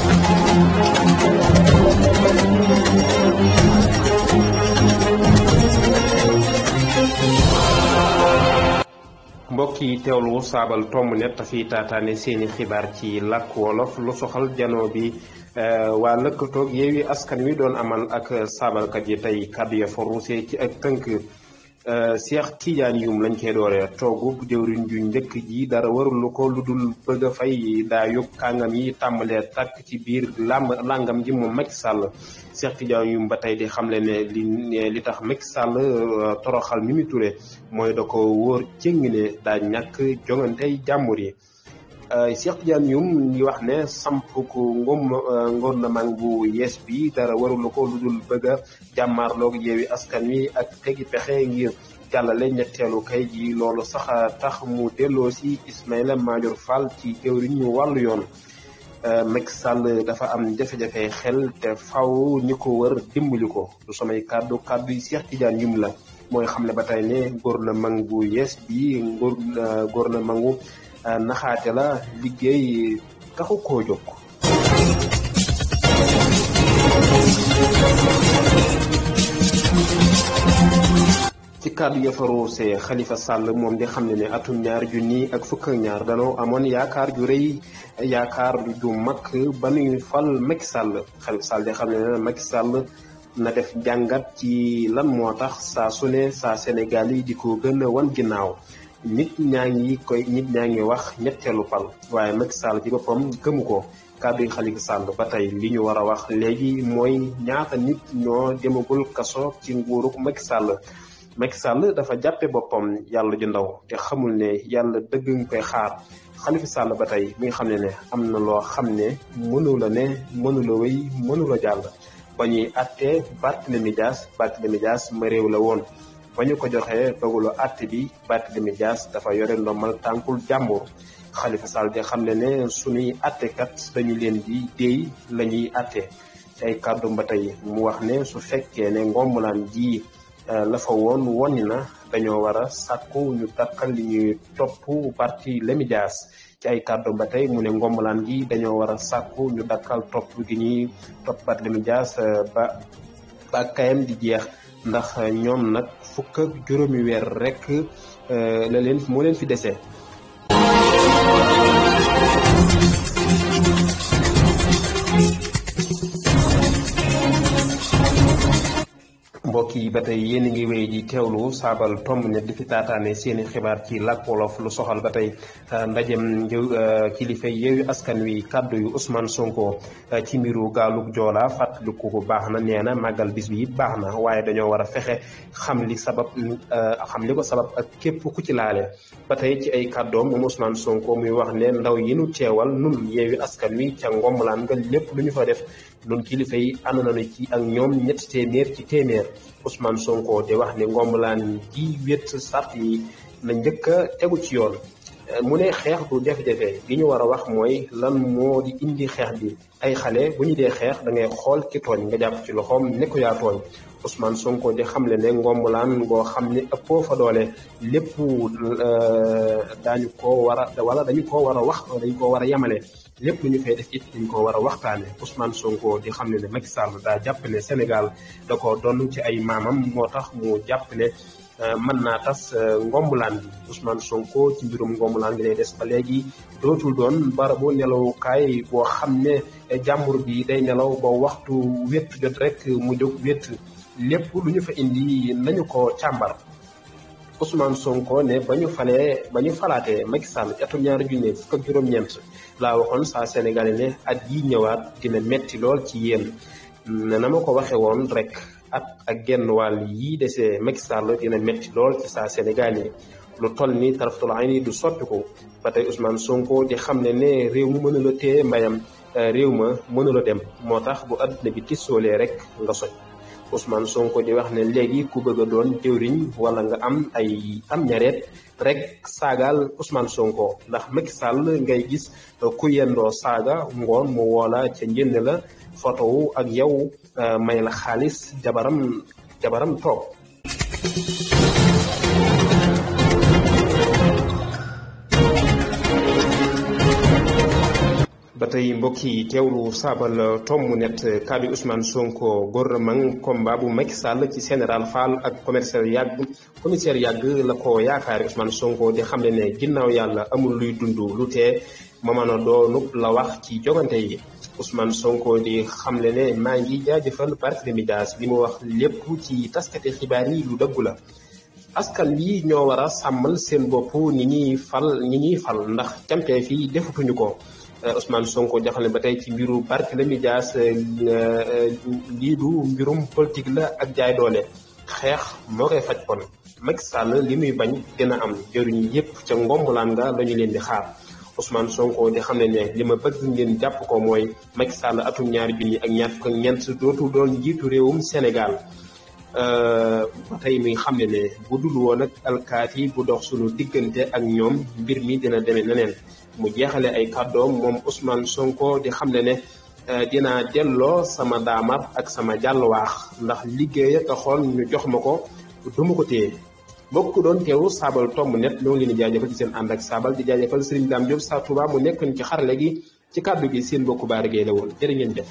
mbokk yi teewlu saabal tomb net fi taataane seeni xibaar ci làkk wolof lu soxal janoo bi eh, waa lëkkatoog yeewi askan wi doon amal ak saabalkat yi tey kàddu ya fa ci ak tënk Cheikh kiijaan yum lañ koy dooree toogu jëwriñ ju njëkk ji dara warul ko lu dul bëgg a fay daa yóg kàngam yi tàmbalee takk ci biir làmb làngam ji moom Macky Sall Cheikh Tidiane Youm ba tey di xam le ne li li tax Macky Sall euh, toroxal Mimi Touré mooy da ko wóor cëng ne daa ñàkk jongante jàmbur yi Euh, Cheikh Tidiane Youm di wax ne samp ko euh, na ngornement bu yees bi dara warul ko lu dul bëgg a jàmmaarloog yeewi askan wi ak tegi pexe ngir jàllale ñetteelu kay ji loolu sax tax mu delloo si Ismaïla Madior Fall ci jëwriñ ñu wàllu yoon euh, Macky Sall dafa am jafe-jafe xel te faw ñi ko wër dimbali ko du samay kàddu kàddu yi Cheikh Tidiane Youm la mooy xam ne ba tey ne gouvernement bu yees bi gouvernement naxaate la liggéey taxu koo jóg. ci kàddu yafaroose Khalifa Sall moom di xam ne ne atum ñaar junni ak fukk ñaar danoo amoon yaakaar ju rëy yaakaar ju mag ba nuy fal Macky Sall Khalifa Sall di xam ne ne Macky Sall na def jàngat ci lan moo tax saa su saa Sénégal yi di ko gën a wan ginnaaw. nit ñaa ngi koy nit ñaa ngi wax ñetteelu pal waaye Macky sàll ci boppam gëmu ko kàddu yi Khalifa Sall ba tey li ñu war a wax léegi mooy ñaata nit ñoo demagul kaso ci nguuruk mag sàll Macky Sall dafa jàppe boppam yàlla ju ndaw te xamul ne yàlla dëgg nga koy xaar Khalifa sàll ba tey mi xam ne ne am na loo xam ne mënula la ne mënu la wéy mënu la jàll ba ñuy àttee Barthélémy Dias ma réew la woon ba ko joxé dogalu àtte bi Barthélemy Dias dafa yoré ndomal tankul jàmbur Khalifa Sall di xamné né ne atté kat dañu leen di déy la atté ay kàddu mu wax né su né ngom lan di la fa won wonina na wara sakku ñu dakkal li ñuy parti Barthélemy Dias ci ay kàddu mbatay tey mu ne ngombalaan gi dañoo war a ñu dakkal top gi top parti Barthélemy Dias euh, ba ba kayam di jeex ndax ñoom nag fukk ak juróomi weer rek la leen moo leen fi dese. mbokk yi ba tey yéen a ngi wéy di teewlu saabal tomb ne di taataane seeni xibaar ci làkk wolof lu soxal ba tey euh, ndajem euh, kilifa yeewi askan wi kàddu yu Ousmane Sonko euh, ci mbiru gaalug joola fàttaliku ko baax na nee na màggal bis bi it baax na waaye dañoo war a fexe xam li sabab xam li ko sabab ak képp ku ci laale ba tey ci ay kaddoom moom Ousmane Sonko muy wax ne ndaw yi nu teewal nun yeewi askan wi ca ngomlaan nga lépp lu ñu fa def loolu kilifa yi ànd nañu ci ak ñoom ñetti téeméer ci téeméer Ousmane Sonko te wax ne ngombalaan gi wét sart yi na njëkk a tegu ci yoon mu ne xeex du def defe li ñu war a wax mooy lan moo di indi xeex bi ay xale bu ñu dee xeex da ngay xool ki tooñ nga jàpp ci loxoom ne ko yaa tooñ Ousmane Sonko di xamle ne ngombulaan ngoo xam ne ëppoo fa doole lépp dañu ko war a wala dañu ko war a wax dañu koo war a yemale lépp ñu fay def it dañu ko war a waxtaane Ousmane Sonko di xam ne ne Macky Sall daa jàpp ne Sénégal da ko doon ci ay maamam moo tax mu jàpp ne Euh, mën naa tas euh, ngombulaan gi Ousmane Sonko ci mbirum ngombulaan bi lay des ba léegi dootul doon barabu nelawukaay boo xam ne eh, jàmbur bi day nelaw ba waxtu wét jot rek mu jóg wet lépp lu ñu fa indi nañu ko càmbar. Ousmane Sonko ne bañu ñu falee ba ñu falaatee Macky Sall ci atum ñaari junne fukk ak juróom-ñeent laa waxoon saa Sénégalais ne at yii ñëwaat dina metti lool ci yéen na ma ko waxee woon rek. ak ak genn wàll yii dese Macky Sall dina métti lool ci saa Sénégal yi lu toll ni taraftul ayn yi du sotti ko ba tey Ousmane Sonko di xam ne ne réew mi mënula téye mbayam réew ma mënula dem moo tax bu adduna bi tissoolee rek nga soj Ousmane Sonko di wax ne léegi ku bëgg a doon jëwriñ wala nga am ay am ñareet rek saagal Ousmane Sonko ndax Macky Sall ngay gis uh, ku yendoo saaga ngoon mu woola ca njënd la photo wu ak yow uh, may la xaalis jabaram jabaram toog ba tey mbokk yi teewlu saabal mu net kaabi Ousmane Sonko gouvernement combat bu Macky Sall ci général Fall ak commercial yàgg commissaire yàgg la ko yaakaari Ousmane Sonko di xamle ne ginnaaw yàlla amul luy dund lu tee mamana doonub la wax ci jogante yi Ousmane Sonko di xamle ne maa ngi jaajëfal Barthélémy Dias li mu wax lépp ci taskati xibaar yi lu dëggu la askan wi ñoo war a sàmmal seen bopp ñi ñuy fal ñi ñuy fal ndax campee fii defutuñu ko Euh, Ousmane Sonko jaxale ba tey ci mbiru Barthélémy Dias euh, euh, lii du mbirum politique la ak jaay doole xeex moo koy faj kon Macky Sall li muy bañ dina am jëriñ yëpp ca ngombulaan nga la leen di xaar Ousmane Sonko di xam ne ne li ma bëgg ngeen jàpp ko mooy Macky Sall atum ñaari junni ak ñaar fukk ak ñeent dootul doon njiitu réewum Sénégal ba tey mi xam ne ne bu dul woon ak alkaati bu dox sunu diggante ak ñoom mbir mi dina demee neneen mu jeexale ay kàddoom moom Ousmane Sonko di xam ne ne eh, dinaa delloo sama daamar ak sama jàlluwaax ndax liggéey a taxoon ñu jox ma ko du ma ko téye mbokk doon teewu saabal tomb net ñoo ngi leen di ci seen ànd ak saabal di jaajëfal Serigne Dame Diop saa Touba mu nekkoon ci xarale gi ci kàddu gi seen mbokku baarigéey la woon jërë def